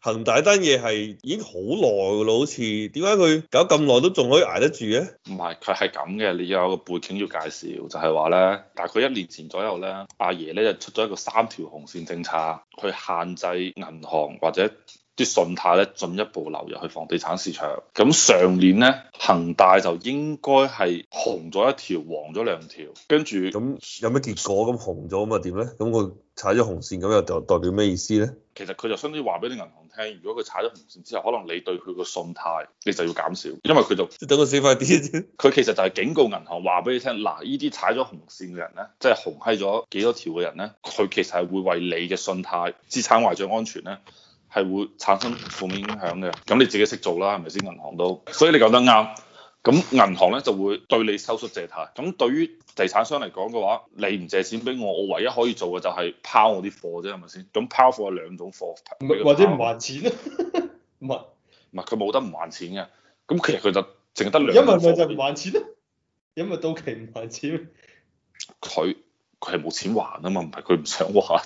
恆大單嘢係已經好耐㗎啦，好似點解佢搞咁耐都仲可以捱得住嘅？唔係佢係咁嘅，你有個背景要介紹，就係話咧，大概一年前左右咧，阿爺咧就出咗一個三條紅線政策，去限制銀行或者啲信貸咧進一步流入去房地產市場，咁上年咧，恒大就應該係紅咗一條，黃咗兩條，跟住咁有咩結果？咁紅咗咁咪點咧？咁佢踩咗紅線，咁又代代表咩意思咧？其實佢就相當於話俾啲銀行聽，如果佢踩咗紅線之後，可能你對佢個信貸你就要減少，因為佢就等佢死快啲佢 其實就係警告銀行話俾你聽，嗱，呢啲踩咗紅線嘅人咧，即係紅閪咗幾多條嘅人咧，佢其實係會為你嘅信貸資產懷著安全咧。係會產生負面影響嘅，咁你自己識做啦，係咪先？銀行都，所以你講得啱，咁銀行咧就會對你收縮借貸。咁對於地產商嚟講嘅話，你唔借錢俾我，我唯一可以做嘅就係拋我啲貨啫，係咪先？咁拋貨有兩種貨，佢拋貨有兩種貨或者唔還錢咯，唔係唔係佢冇得唔還錢嘅，咁其實佢就淨係得兩，因為佢就唔還錢咯，因為到期唔還錢，佢佢係冇錢還啊嘛，唔係佢唔想還。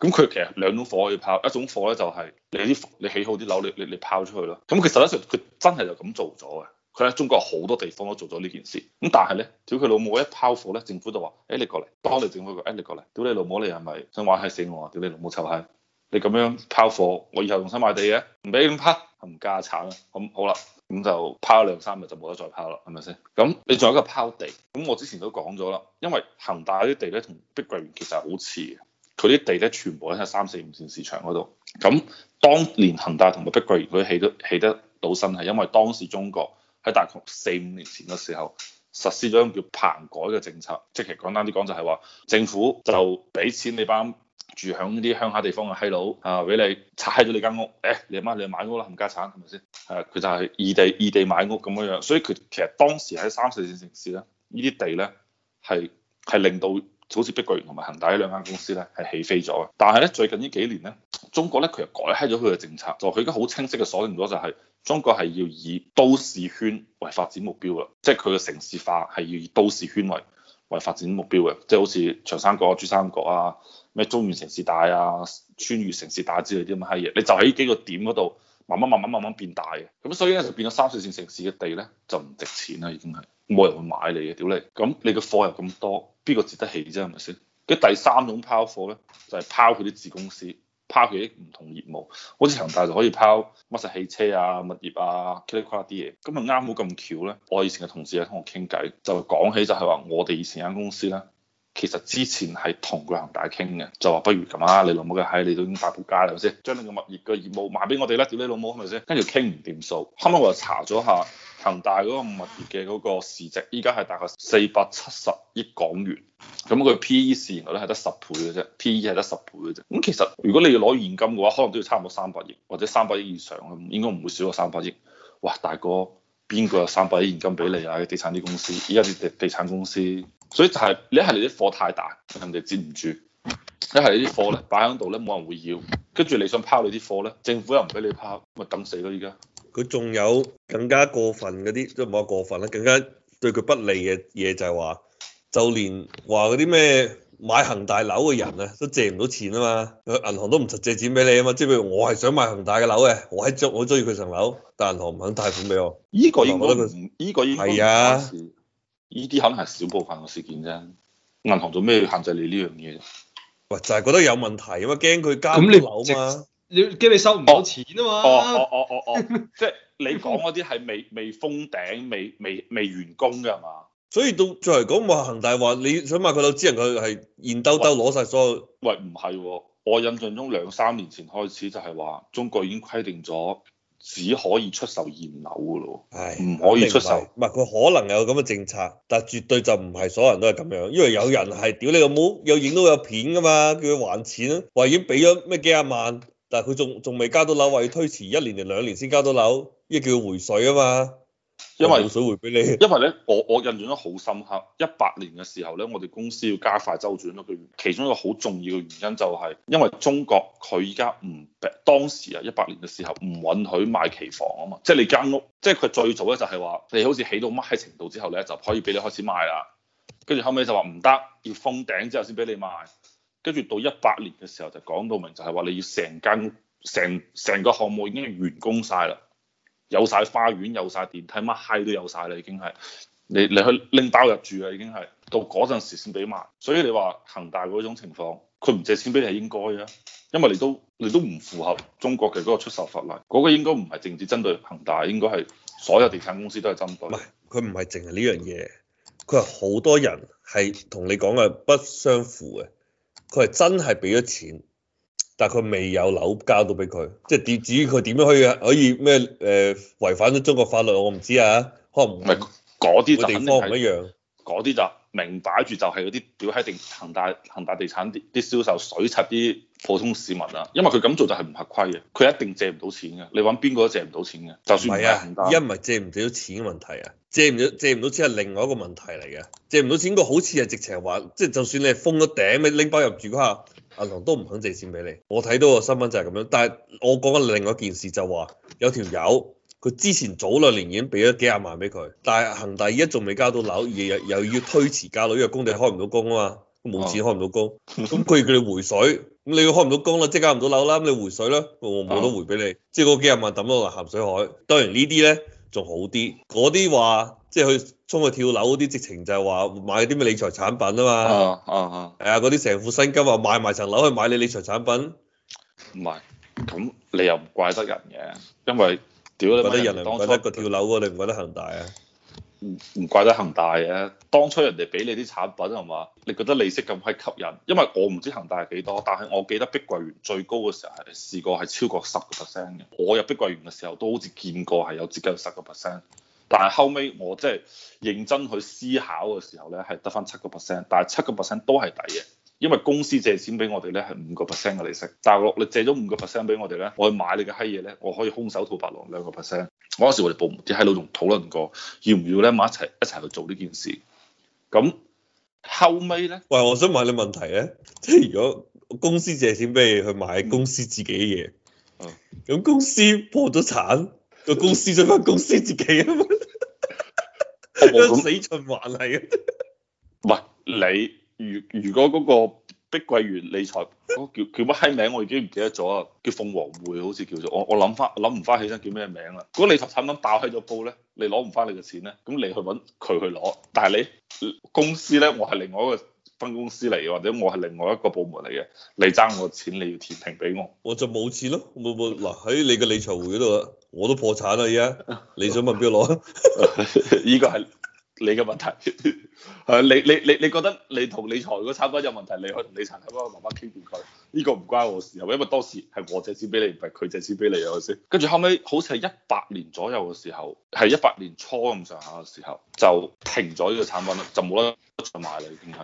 咁佢其實兩種貨可以拋，一種貨咧就係你啲你起好啲樓，你你你拋出去咯。咁佢實質上，佢真係就咁做咗嘅。佢喺中國好多地方都做咗呢件事。咁但係咧，屌佢老母一拋貨咧，政府就話，誒、hey, 你過嚟幫你政府劃，誒、hey, 你過嚟，屌你老母你係咪想玩嗨死我啊？屌你老母臭閪！你咁樣拋貨，我以後用心買地嘅，唔俾咁拋，冚家鏟啦。咁好啦，咁就拋兩三日就冇得再拋啦，係咪先？咁你仲有一個拋地，咁我之前都講咗啦，因為恒大啲地咧同碧桂園其實係好似嘅。佢啲地咧全部都喺三四五線市場嗰度，咁當年恒大同埋碧桂園佢起都起得到身，係因為當時中國喺大概四五年前嘅時候實施咗一種叫棚改嘅政策，即係簡單啲講就係話政府就俾錢你班住喺呢啲鄉下地方嘅閪佬啊，俾、啊、你拆咗你間屋，誒、哎、你阿媽你買屋啦冚家產係咪先？係佢、啊、就係異地異地買屋咁樣樣，所以佢其實當時喺三四線城市咧，呢啲地咧係係令到。好似碧桂園同埋恒大呢兩間公司咧係起飛咗嘅，但係咧最近呢幾年咧，中國咧佢又改開咗佢嘅政策，就佢而家好清晰嘅鎖定咗就係中國係要以都市圈為發展目標嘅，即係佢嘅城市化係要以都市圈為為發展目標嘅，即係好似長三角啊、珠三角啊、咩中原城市帶啊、川渝城市帶之類啲咁嘅嘢，你就喺呢幾個點嗰度慢慢慢慢慢慢變大嘅，咁所以咧就變咗三四線城市嘅地咧就唔值錢啦，已經係。冇人會買你嘅，屌你！咁你嘅貨又咁多，邊個接得起啫？係咪先？跟住第三種拋貨咧，就係拋佢啲子公司，拋佢啲唔同業務。好似恒大就可以拋乜嘢汽車啊、物業啊、幾多啲嘢。今日啱好咁巧咧，我以前嘅同事喺同我傾偈，就講起就係話我哋以前間公司咧。其實之前係同個恒大傾嘅，就話不如咁啊，你老母嘅喺你都已經是是業業是是大鋪街啦，先將你個物業嘅業務賣俾我哋啦，屌你老母係咪先？跟住傾唔掂數，後尾我又查咗下恒大嗰個物業嘅嗰個市值，依家係大概四百七十億港元，咁、那、佢、個、P E 市原來咧係得十倍嘅啫，P E 係得十倍嘅啫。咁、嗯、其實如果你要攞現金嘅話，可能都要差唔多三百億或者三百億以上，應該唔會少過三百億。哇，大哥，邊個有三百億現金俾你啊？地產啲公司，依家地地產公司。所以就係，你係你啲貨太大，人哋接唔住；一係你啲貨咧擺喺度咧冇人會要，跟住你想拋你啲貨咧，政府又唔俾你拋，咪等死咯依家。佢仲有更加過分嗰啲，即係冇話過分啦，更加對佢不利嘅嘢就係話，就連話嗰啲咩買恒大樓嘅人啊，都借唔到錢啊嘛，佢銀行都唔實借錢俾你啊嘛。即係譬如我係想買恒大嘅樓嘅，我喺我中意佢層樓，但係銀行唔肯貸款俾我。依個應該唔，依個應該係啊。呢啲可能係少部分嘅事件啫，銀行做咩限制你呢樣嘢？喂，就係覺得有問題啊嘛，驚佢交唔到樓啊嘛，你驚你收唔到錢啊嘛？哦哦哦哦哦，即係你講嗰啲係未未封頂、未未未完工嘅係嘛？所以到再嚟講，話恒大話你想賣佢到之能佢係現兜兜攞晒所有。喂，唔係、哦，我印象中兩三年前開始就係話，中國已經規定咗。只可以出售現樓噶咯，唔唉可以出售。唔係佢可能有咁嘅政策，但係絕對就唔係所有人都係咁樣，因為有人係屌你老母，有影都有片噶嘛，叫佢還錢啊，話已經俾咗咩幾廿萬，但係佢仲仲未交到樓，話要推遲一年定兩年先交到樓，呢叫回水啊嘛。因為水回俾你，因為咧，我我印象都好深刻。一八年嘅時候咧，我哋公司要加快周轉咯。佢其中一個好重要嘅原因就係因為中國佢依家唔，當時啊，一八年嘅時候唔允許賣期房啊嘛，即係你間屋，即係佢最早咧就係話你好似起到乜嘢程度之後咧就可以俾你開始賣啦。跟住後尾就話唔得，要封頂之後先俾你賣。跟住到一八年嘅時候就講到明，就係話你要成間屋成成個項目已經完工晒啦。有晒花園，有晒電梯，乜閪都有晒啦，已經係你你去拎包入住啊，已經係到嗰陣時先俾埋。所以你話恒大嗰種情況，佢唔借錢俾你係應該啊，因為你都你都唔符合中國嘅嗰個出售法例，嗰個應該唔係淨止針對恒大，應該係所有地產公司都係針對。唔係，佢唔係淨係呢樣嘢，佢話好多人係同你講嘅不相符嘅，佢係真係俾咗錢。但係佢未有樓交到俾佢，即係至於佢點樣去啊？可以咩？誒、呃、違反咗中國法律，我唔知啊。可能唔係嗰啲地方就唔一樣，嗰啲就明擺住就係嗰啲表閪地恒大、恒大地產啲啲銷售水湧啲普通市民啊。因為佢咁做就係唔合規嘅，佢一定借唔到錢嘅。你揾邊個都借唔到錢嘅，就算唔係恒啊，一唔係借唔借到錢嘅問題啊，借唔到借唔到錢係另外一個問題嚟嘅。借唔到錢，個好似係直情話，即係就算你係封咗頂，你拎包入住下。銀行都唔肯借錢俾你，我睇到個新聞就係咁樣。但係我講緊另外一件事，就話有條友，佢之前早兩年已經俾咗幾廿萬俾佢，但係恒大而家仲未交到樓，而又又要推遲交樓，因為工地開唔到工啊嘛，冇錢開唔到工，咁佢叫你回水，咁你開唔到工啦，即係交唔到樓啦，咁你回水啦，我冇得回俾你，好 即係嗰幾廿萬抌咗落鹹水海。當然呢啲咧。仲好啲，嗰啲話即係去衝去跳樓嗰啲，直情就係話買啲咩理財產品啊嘛，啊啊啊，係啊，嗰啲成副身家話買埋層樓去買你理財產品，唔係，咁你又唔怪得人嘅，因為屌你，怪得人哋你怪得個跳樓喎，你唔怪得恒大啊。唔怪得恒大嘅，啊，當初人哋俾你啲產品係嘛？你覺得利息咁係吸引，因為我唔知恒大係幾多，但係我記得碧桂園最高嘅時候係試過係超過十個 percent 嘅。我入碧桂園嘅時候都好似見過係有接近十個 percent，但係後尾我即係認真去思考嘅時候咧，係得返七個 percent，但係七個 percent 都係抵嘅。因為公司借錢俾我哋咧，係五個 percent 嘅利息，但係你借咗五個 percent 俾我哋咧，我去買你嘅閪嘢咧，我可以空手套白狼兩個 percent。嗰時我哋部門啲閪佬仲討論過要唔要咧買，一齊一齊去做呢件事。咁後尾咧，喂，我想問你問題咧，即係如果公司借錢俾你去買公司自己嘅嘢，咁、嗯、公司破咗產，個公司就返公司自己、啊，嘛 ？我死循環嚟嘅。 喂，你？如如果嗰個碧桂園理財、嗰個、叫叫乜閪名，我已經唔記得咗啊！叫鳳凰匯好似叫做，我我諗翻諗唔翻起身叫咩名啊？如果嗰個理財產品爆閪咗煲咧，你攞唔翻你嘅錢咧，咁你去揾佢去攞，但係你公司咧，我係另外一個分公司嚟嘅，或者我係另外一個部門嚟嘅，你爭我錢，你要填平俾我，我就冇錢咯，冇冇嗱喺你嘅理財匯嗰度，我都破產啦而家，你想問邊 個攞？依個係。你嘅問題係 你你你你覺得你同理財嗰個產品有問題，你可以同理財嗰個媽媽傾掂佢，呢、這個唔關我事啊，因為當時係我借錢俾你，唔係佢借錢俾你啊，我先。跟住後尾好似係一八年左右嘅時候，係一八年初咁上下嘅時候就停咗呢個產品啦，就冇得再買啦，已經係。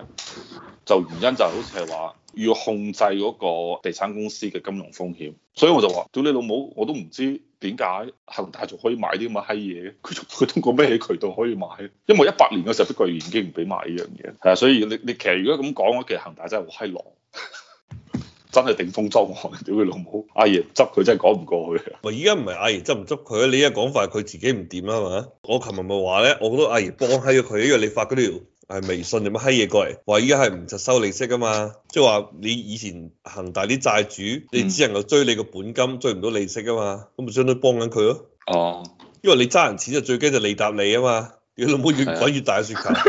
就原因就係好似係話要控制嗰個地產公司嘅金融風險，所以我就話屌你老母，我都唔知。點解恒大仲可以買啲咁嘅閪嘢？佢仲會通過咩渠道可以買？因為一百年嘅時候碧桂園已經唔俾買呢樣嘢。係啊，所以你你其實如果咁講嘅，其實恒大真係好閪狼， 真係頂風作案，屌佢老母！阿爺執佢真係講唔過去啊！咪依家唔係阿爺執唔執佢啊？你依家講法佢自己唔掂啊嘛！我琴日咪話咧，我覺得阿爺幫閪咗佢，因為你發嗰條。係微信有乜閪嘢過嚟，話依家係唔就收利息噶嘛？即係話你以前恒大啲債主，你只能夠追你個本金，追唔到利息噶嘛？咁咪相當於幫緊佢咯。哦。因為你揸人錢就最驚就利答你啊嘛，你老母越滾越，越，越大嘅雪球。是啊、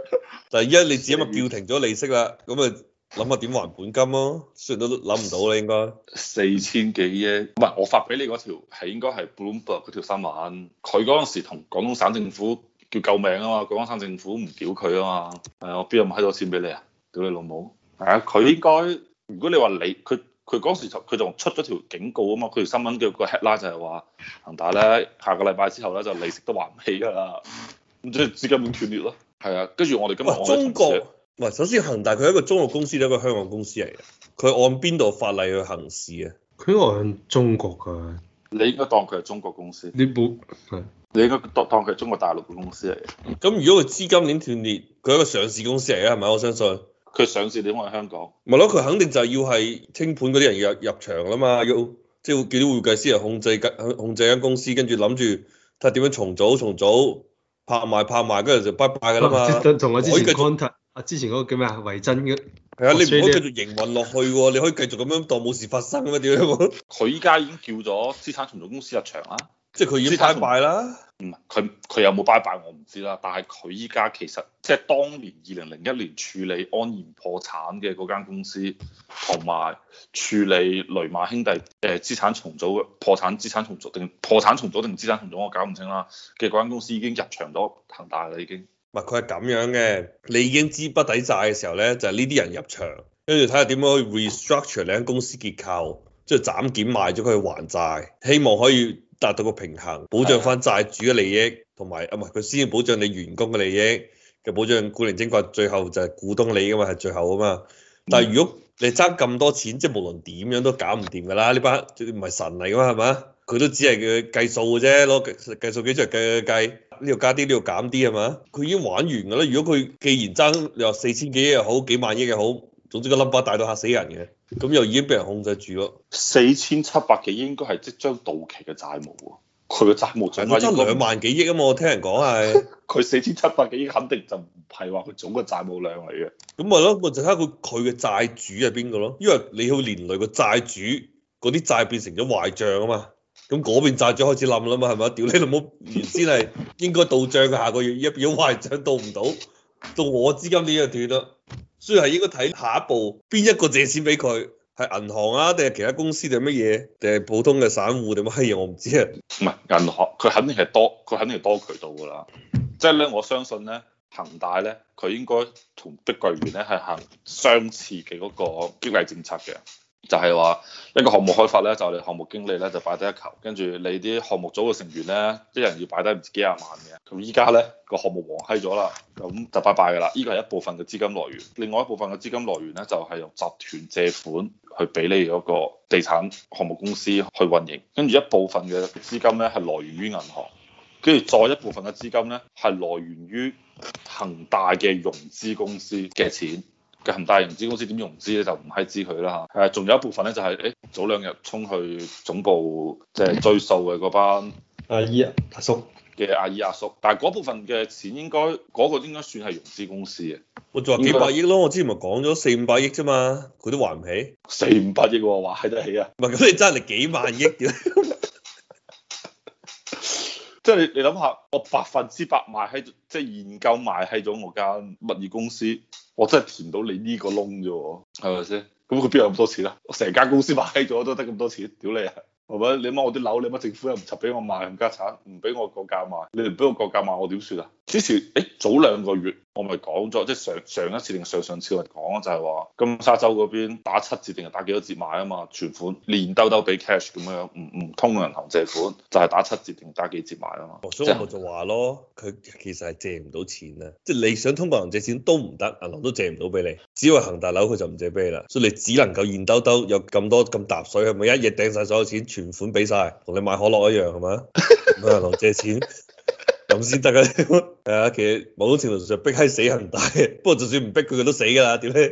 但係依家你只係咪叫停咗利息啦？咁咪諗下點還本金咯，雖然都諗唔到啦應該。四千幾億，唔係我發俾你嗰條係應該係 Bloomberg 嗰條新聞，佢嗰陣時同廣東省政府。叫救命啊嘛！廣東省政府唔屌佢啊嘛！係啊，哎、我邊有咁閪多錢俾你啊？屌你老母！係啊，佢應該如果你話你佢佢嗰時就佢仲出咗條警告啊嘛！佢條新聞叫個 headline 就係話恒大咧下個禮拜之後咧就利息都還唔起㗎啦，咁即係資金面斷裂咯。係啊，跟住、啊啊、我哋今日中國，喂，首先恒大佢係一個中國公司，一個香港公司嚟嘅，佢按邊度法例去行事啊？佢按中國㗎，你應該當佢係中國公司。呢本係。你應該當佢係中國大陸嘅公司嚟。咁、嗯、如果佢資金鏈斷裂，佢係一個上市公司嚟啊，係咪？我相信。佢上市點？我喺香港。咪咯，佢肯定就係要係清盤嗰啲人入入場啦嘛，要即係會叫啲會計師嚟控制間控制間公司，跟住諗住睇點樣重組重組，拍賣拍賣，跟住就拜拜㗎啦嘛。同我之前 contact，啊之前嗰個叫咩啊？維真嘅。係啊，你唔可以繼續營、啊、運落去喎、啊，你可以繼續咁樣當冇事發生嘛、啊。點樣？佢依家已經叫咗資產重組公司入場啊？ 即係佢已經拜拜啦。唔係，佢佢有冇拜拜我唔知啦。但係佢依家其實即係當年二零零一年處理安然破產嘅嗰間公司，同埋處理雷馬兄弟誒資產重組嘅破產資產重組定破產重組定資產重組，我搞唔清啦。其實嗰間公司已經入場咗恒大啦，已經。唔係，佢係咁樣嘅，你已經資不抵債嘅時候咧，就係呢啲人入場，跟住睇下點樣去 restructure 呢間公司結構。即係斬件賣咗佢還債，希望可以達到個平衡，保障翻債主嘅利益，同埋啊唔係佢先要保障你員工嘅利益就保障，顧名思義，最後就係股東利益嘛，係最後啊嘛。但係如果你爭咁多錢，即係無論點樣都搞唔掂㗎啦。呢班唔係神嚟噶嘛，係嘛？佢都只係佢計數嘅啫，攞計計數機出嚟計計計，呢度加啲，呢度減啲係嘛？佢已經玩完㗎啦。如果佢既然爭，你話四千幾億又好，幾萬億又好。總之個 number 大到吓死人嘅，咁又已經俾人控制住咯。四千七百幾應該係即將到期嘅債務喎，佢嘅債務總，因為兩萬幾億啊嘛，我聽人講係。佢四千七百幾億肯定就唔係話佢總嘅債務量嚟嘅。咁咪咯，咪就睇下佢佢嘅債主係邊個咯，因為你要連累個債主，嗰啲債變成咗壞賬啊嘛。咁嗰邊債主開始冧啦嘛，係咪？屌你老母，原先係應該到賬嘅，下個月一變壞賬，到唔到，到我資金鏈就斷啦。所以係應該睇下一步邊一個借錢俾佢，係銀行啊，定係其他公司定係乜嘢，定係普通嘅散戶定乜嘢，我唔知啊。唔係銀行，佢肯定係多，佢肯定係多渠道㗎啦。即係咧，我相信咧，恒大咧，佢應該同碧桂園咧係行相似嘅嗰個經濟政策嘅。就係話一個項目開發咧，就係你項目經理咧就擺低一球，跟住你啲項目組嘅成員咧，啲人要擺低唔知幾廿萬嘅。咁依家咧個項目黃閪咗啦，咁就拜拜㗎啦。呢個係一部分嘅資金來源，另外一部分嘅資金來源咧就係用集團借款去俾你嗰個地產項目公司去運營，跟住一部分嘅資金咧係來源於銀行，跟住再一部分嘅資金咧係來源於恒大嘅融資公司嘅錢。恒大融資公司點融資咧就唔閪知佢啦嚇，誒仲有一部分咧就係、是、誒、欸、早兩日衝去總部即係追數嘅嗰班阿姨阿叔嘅阿姨阿叔，但係嗰部分嘅錢應該嗰、那個應該算係融資公司嘅，我仲話幾百億咯，我之前咪講咗四五百億啫嘛，佢都還唔起，四五百億、啊、還起得起啊？唔係咁你爭你幾萬億嘅、啊，即 係 你你諗下我百分之百賣喺即係研究賣喺咗我間物業公司。我真係填到你呢個窿啫喎，係咪先？咁佢邊有咁多錢啊？我成間公司買咗都得咁多錢，屌你啊！係咪？你掹我啲樓，你掹政府又唔拆俾我賣，唔加產，唔俾我個價賣，你唔俾我個價賣我點算啊？之前誒早兩個月。我咪講咗，即係上上一次定上上次嚟講，就係話金沙洲嗰邊打七折定係打幾多折買啊嘛，存款現兜兜俾 cash 咁樣，唔唔通過銀行借款，就係打七折定打幾折買啊嘛。 所以我咪就話咯，佢其實係借唔到錢啊，即係你想通過銀行借錢都唔得，銀行都借唔到俾你，只要係恒大樓佢就唔借俾你啦，所以你只能夠現兜兜有咁多咁沓水，係咪一嘢掟晒所有錢，存款俾晒，同你買可樂一樣係咪啊？銀行借錢。 咁先得嘅， 其實某種程度上逼閪死恒大的，不過就算唔逼佢，佢都死㗎啦，點咧？